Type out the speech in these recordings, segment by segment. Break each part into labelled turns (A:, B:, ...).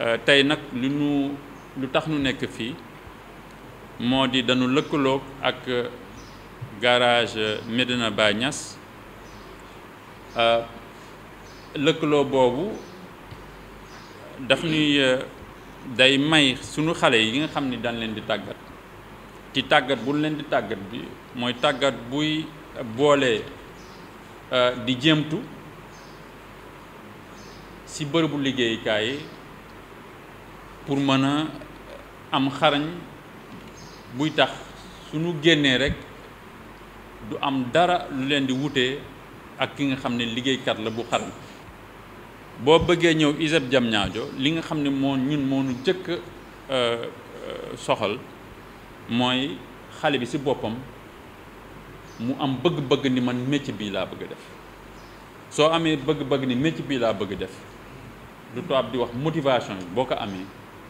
A: Euh, tey nag lu ñu lu tax ñu nekk fii moo di dañu lëkkaloog ak euh, garage euh, Médina Baye ñas lëkkaloo boobu daf ñuy day may sunu xale yi nga xam ni dañ leen di tàggat di tàggat bu leen di tàggat bi mooy tàggat buy boole di jéemtu ci bërëbu liggéeyukaay yi pour mën a am xarañ buy tax su suñu génnee rek du am dara lu leen di wutee ak ki nga xam ne liggéeykat la bu xarañ boo bëggee ñëw ISEP Diamniadio li nga xam ne moo ñun moo nu jëkk euh, euh, soxal mooy xale bi ci boppam mu am bëgg-bëgg ni man métier bii laa bëgg def soo amee bëgg-bëgg ni métier bii laa bëgg def lu tubaab di wax motivation yi boo ko amee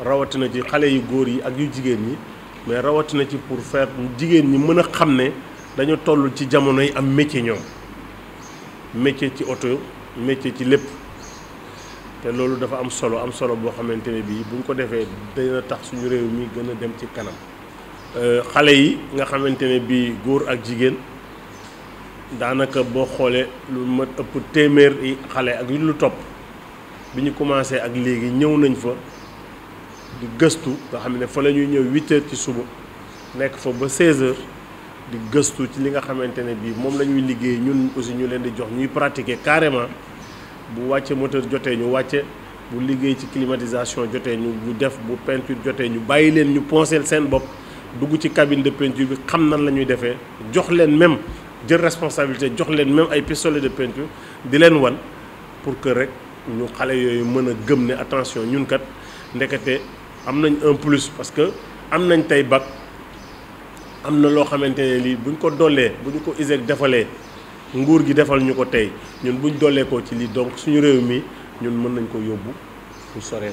B: rawatina ci xale yu góor yi ak yu jigéen ñi mais rawatina ci pour faire jigéen ñi mën a xam ne dañu toll ci jamono yi am métier ñoom métier ci oto métier ci lépp te loolu dafa am solo am solo boo xamante ne bii bu ñu ko defee dina tax suñu réew mi gën a dem ci kanam euh, xale yi nga xamante ne bii góor ak jigéen daanaka boo xoolee lu ma ëpp téeméer yi xale ak yu lu topp bi ñu commencé ak léegi ñëw nañ fa di gëstu nga xam ne fa la ñuy ñëw 8 heures ci suba nekk fa ba 16 heures di gëstu ci li nga xamante ne bii moom la ñuy liggéey ñun aussi ñu leen di jox ñuy pratiquer carrément bu wàcce moteur jotee ñu wàcce bu liggéey ci climatisation jotee ñu bu def bu peinture jotee ñu bàyyi leen ñu poncel seen bopp dugg ci cabine de peinture bi xam nan la ñuy defee jox leen même jël responsabilité jox leen même ay pistolet de peinture di leen wan pour que rek ñu xale yooyu mën a gëm ne attention ñun kat ndekete on un plus parce que am tay bac amna lo On li buñ ko dolé buñ ko isek défalé nguur gi défal ñun buñ ko ci donc suñu réew ñun nañ ko yobbu pour sore